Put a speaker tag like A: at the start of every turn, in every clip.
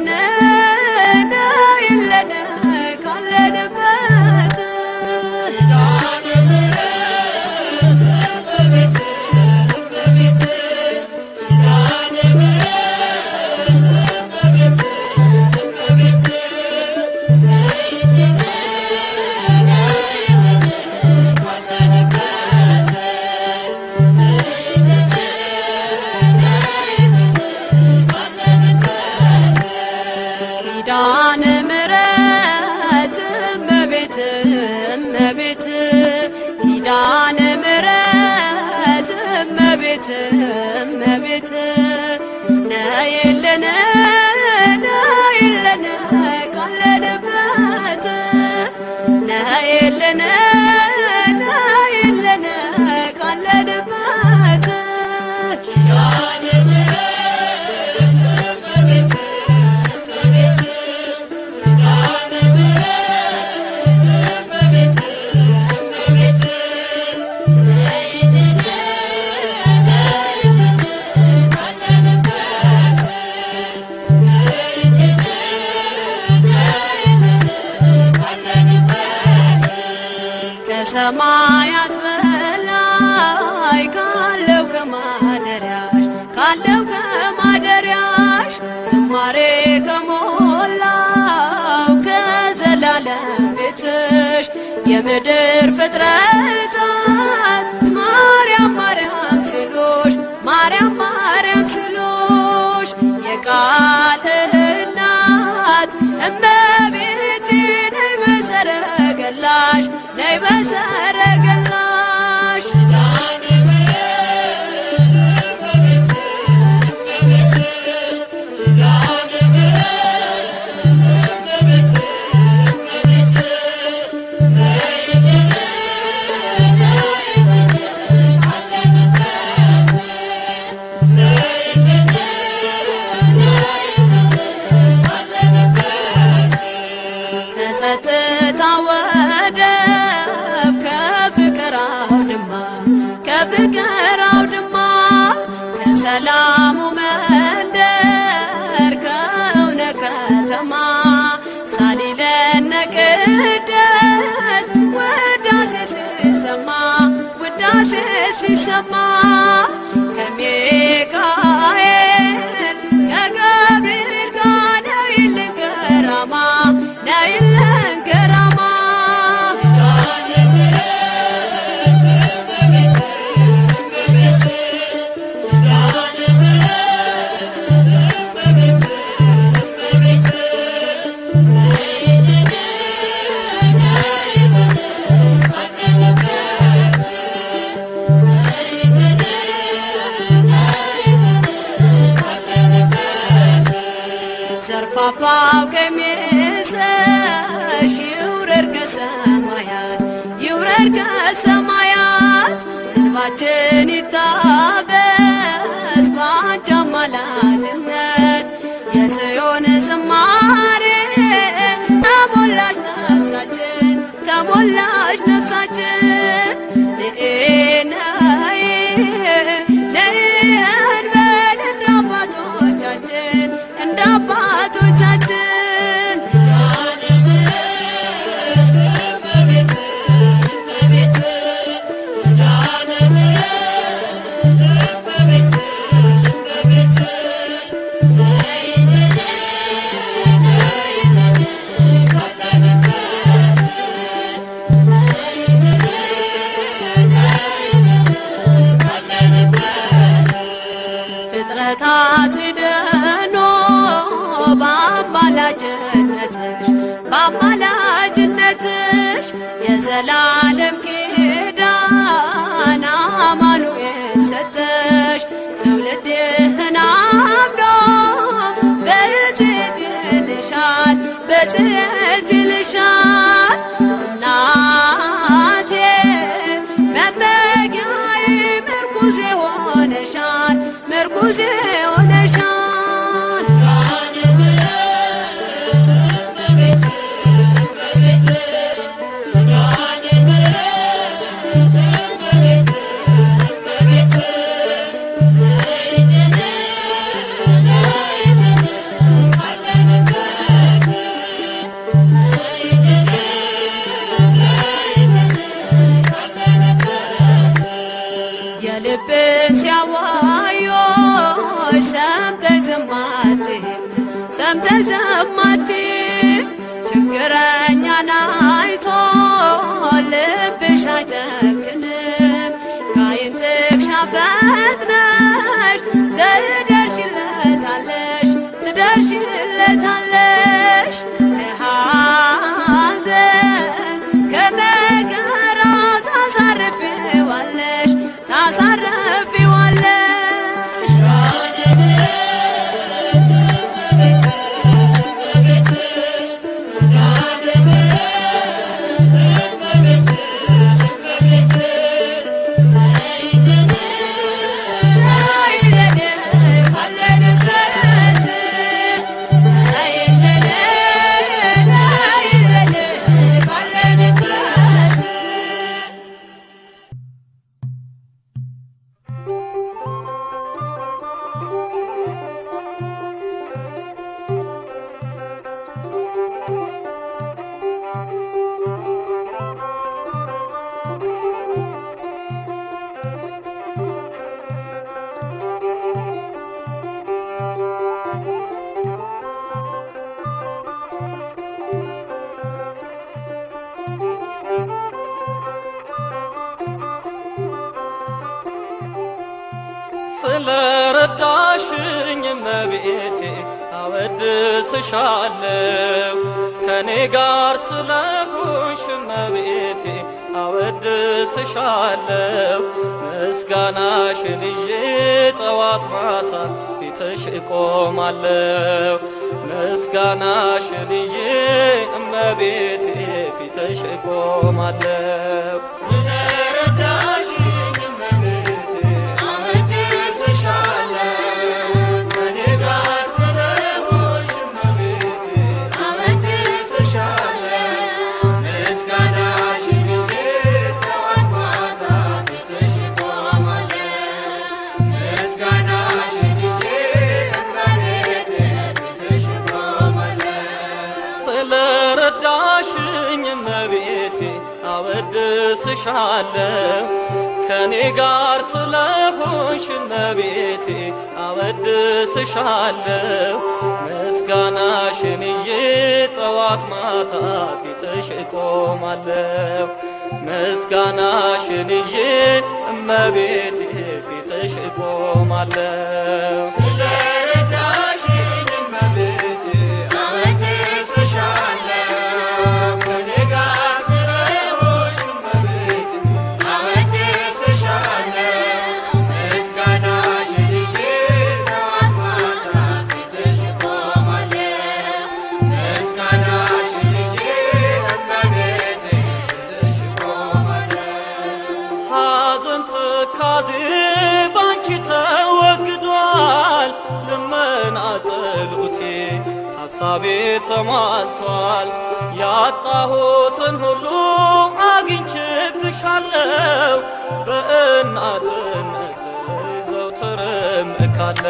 A: لنا ላይ ካለው ከማደሪያሽ ካለው ከማደሪያሽ ዝማሬ ከሞላው ከዘላለም ቤትሽ የምድር ፍጥረታት ማርያም ማርያም ሲሉሽ ማርያም ማርያም ሲሉሽ የቃል እናት እመቤቴ ነይ በሰረገላሽ ነይ በሰረ जमा አጽደኖ በአማላጅነትሽ በአማላጅነትሽ የዘላለም ኪ ሰማች ችግራ
B: አወድስሻለሁ ከኔ ጋር ስለሆንሽ እመቤቴ አወድስሻለሁ ምስጋናሽን ይዤ ጠዋት ማታ ፊትሽ እቆማለሁ ምስጋናሽን ይዤ እመቤቴ ፊትሽ እቆማለሁ አመሰግንሻለሁ ከኔ ጋር ስለሆንሽ እመቤቴ አወድስሻለሁ። ምስጋናሽን ይዤ ጠዋት ማታ ፊትሽ እቆማለሁ። ምስጋናሽን ይዤ እመቤቴ ፊትሽ እቆማለሁ። ሀሳቤ ተሟልቷል። ያጣሁትን ሁሉ አግኝቼብሻለሁ። በእናትነት ዘውትርም እካለ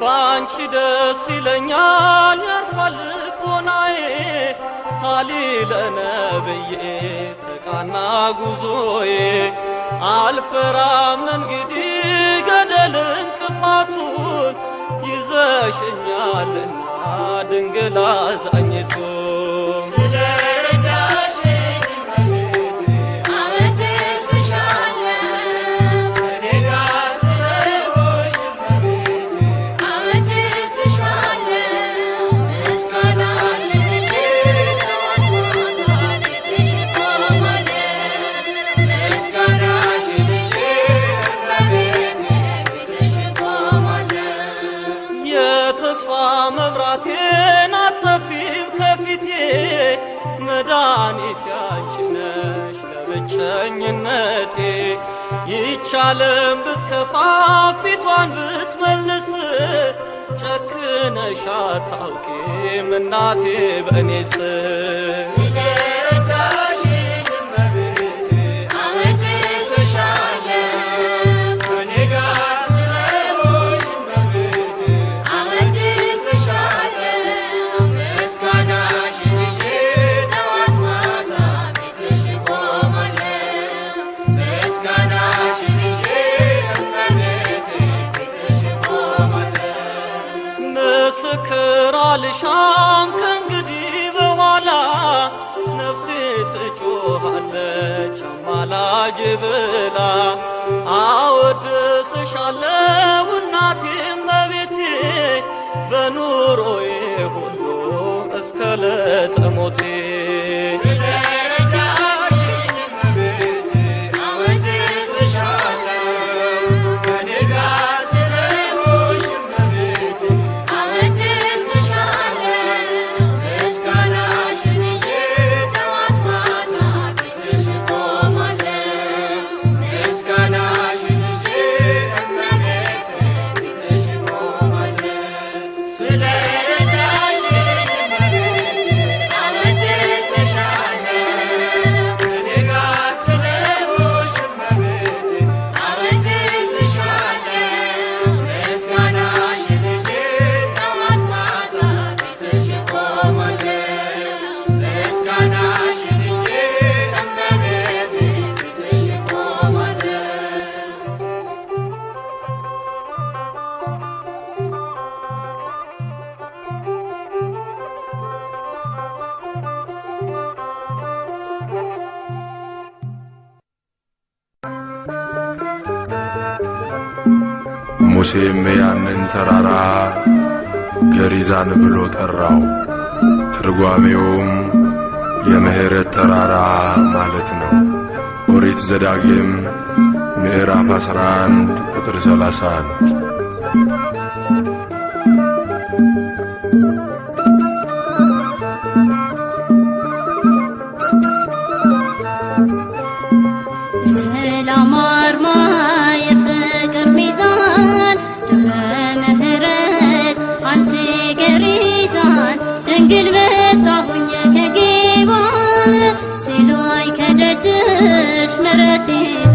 B: ባንቺ ደስ ይለኛል ያርፋል ልቦናዬ ሳሊ ለነብዬ ተቃና ጉዞዬ አልፈራም እንግዲህ ገደል እንቅፋቱን ይዘሽኛልና ድንግል አዛኝቱን ጥፋቴን አታፊም ከፊቴ መድኃኒቴ አንቺ ነሽ ለብቸኝነቴ። ይህች ዓለም ብትከፋ ፊቷን ብትመልስ ጨክነሽ አታውቂም እናቴ በእኔስ ምስክር አልሻም ከእንግዲህ በኋላ ነፍሴ ትጮኻለች አማላጅ ብላ። አወድስሻለሁ እናቴ እመቤቴ በኑሮዬ ሁሉ እስከ ዕለተ ሞቴ
C: ሙሴም ያንን ተራራ ገሪዛን ብሎ ጠራው። ትርጓሜውም የምሕረት ተራራ ማለት ነው። ኦሪት ዘዳግም ምዕራፍ 11 ቁጥር 31
D: ድንግል መጣሁኝ ከጌባል ሲሉኝ ከደጅሽ ምሕረትሽ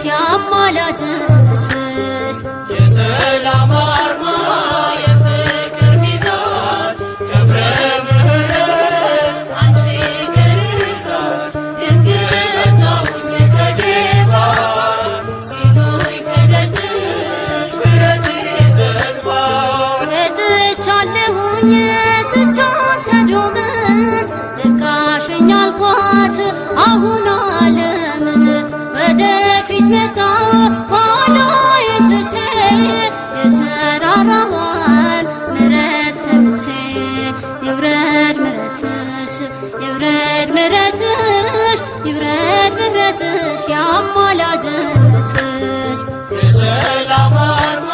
D: ሻማላጅ ይብረድ ምሕረትሽ ይብረድ ምሕረትሽ ያሟላጅነትሽ
E: የሰላም አርማ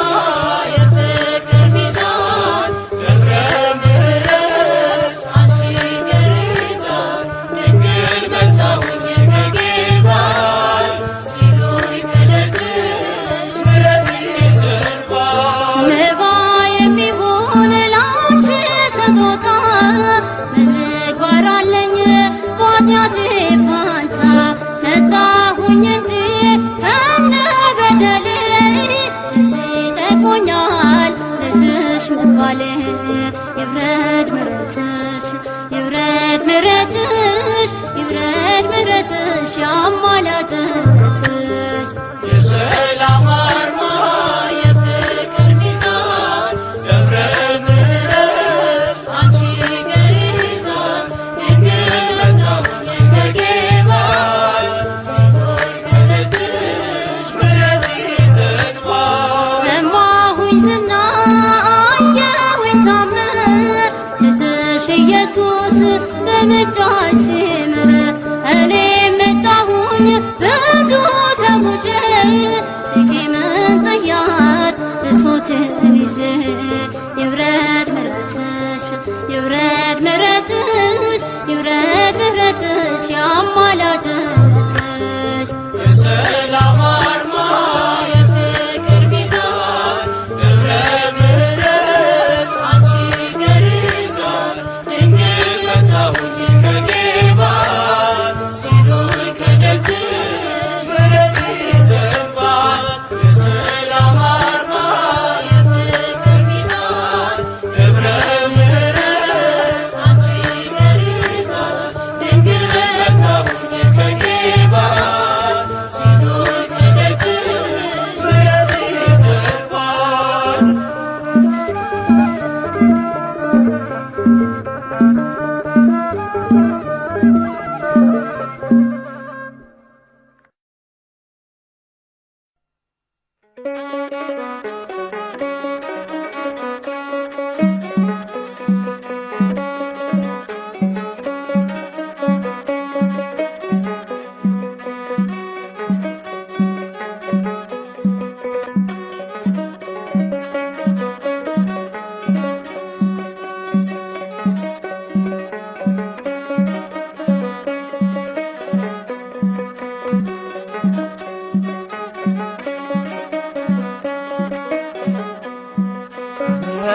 D: ይብረድ ምሕረትሽ ይብረድ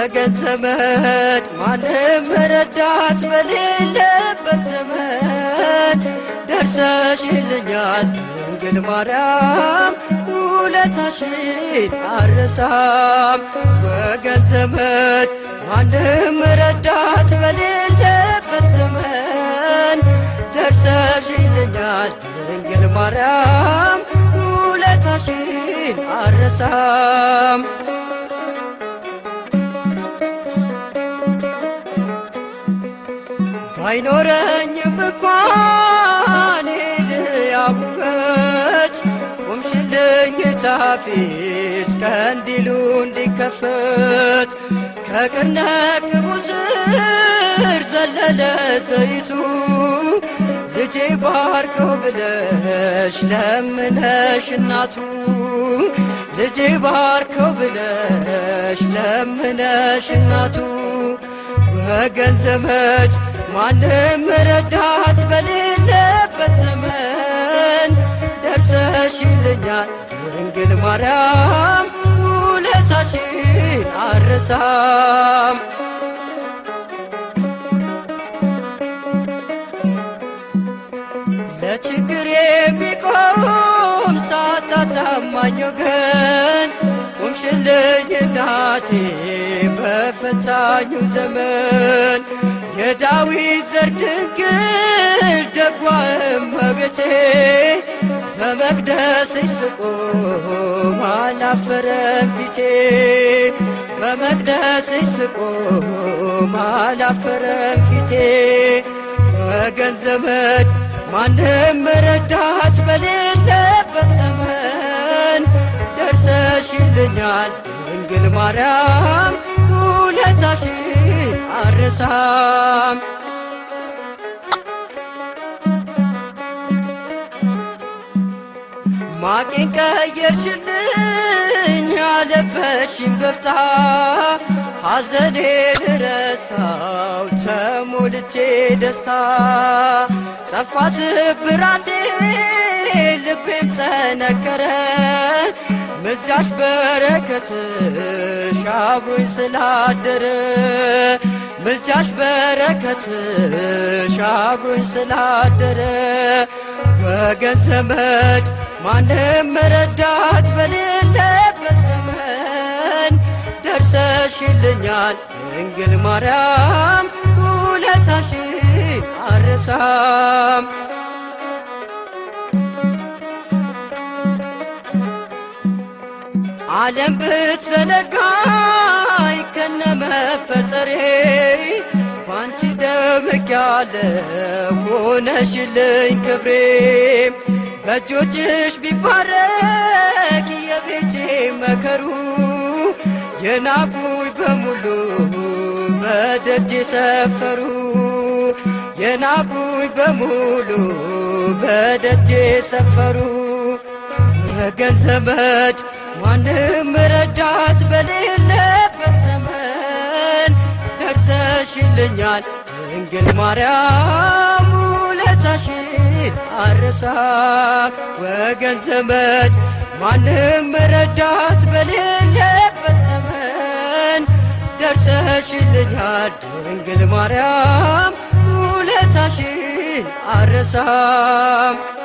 F: ወገን ማንም ረዳት በሌለበት ዘመን ደርሰሽልኛል ድንግል ማርያም ውለታሽን አረሳም። ወገን ዘመድ ማንም ረዳት በሌለበት ዘመን ደርሰሽልኛል ድንግል ማርያም ውለታሽን አረሳም። ባይኖረኝም እንኳን ቁምሽልኝ እንዲከፈት ከቅነ ስር ዘለለ ዘይቱ ልጄ ባርከው ብለሽ ለምነሽ እናቱ ልጄ ባርከው ብለሽ ለምነሽ እናቱ ማንም ረዳት በሌለበት ዘመን ደርሰሽልኛል ድንግል ማርያም ውለታሽን አረሳም። ለችግር የሚቆም ሳታ ታማኝ ወገን ቁምሽልኝ እናቴ በፈታኙ ዘመን የዳዊት ዘር ድንግል ደጓ እመቤቴ በመቅደስሽ ስቆም ፊቴ በመቅደስሽ ስቆም አላፈረም ፊቴ ወገን ዘመድ ማንም ረዳት በሌለበት ዘመን ደርሰሽልኛል ድንግል ማርያም አይረሳም። ማቄን ቀየርሽልኝ አለበሽኝ በፍታ ሐዘኔን ረሳው ተሞልቼ ደስታ ጠፋ ስብራቴ ልቤም ተነከረ ምልጃሽ በረከትሽ አብሮኝ ስላደረ ምልጃሽ በረከትሽ አብሮኝ ስላደረ ወገን ዘመድ ማንም መረዳት በሌለበት ዘመን ደርሰሽልኛል ድንግል ማርያም ውለታሽን አረሳም። ዓለም ብትዘነጋ ከነ መፈጠሬ ባንቺ ደምቅ ያለ ሆነሽልኝ ክብሬ በእጆችሽ ቢባረክ የቤቴ መከሩ የናቁኝ በሙሉ በደጅ ሰፈሩ የናቁኝ በሙሉ በደጅ ሰፈሩ ወገን ዘመድ ማንም ረዳት በሌ ነግሰሽልኛል ድንግል ማርያም ውለታሽን አረሳ ወገን ዘመድ ማንም መረዳት በሌለበት ዘመን ደርሰሽልኛል ድንግል ማርያም ውለታሽን አረሳም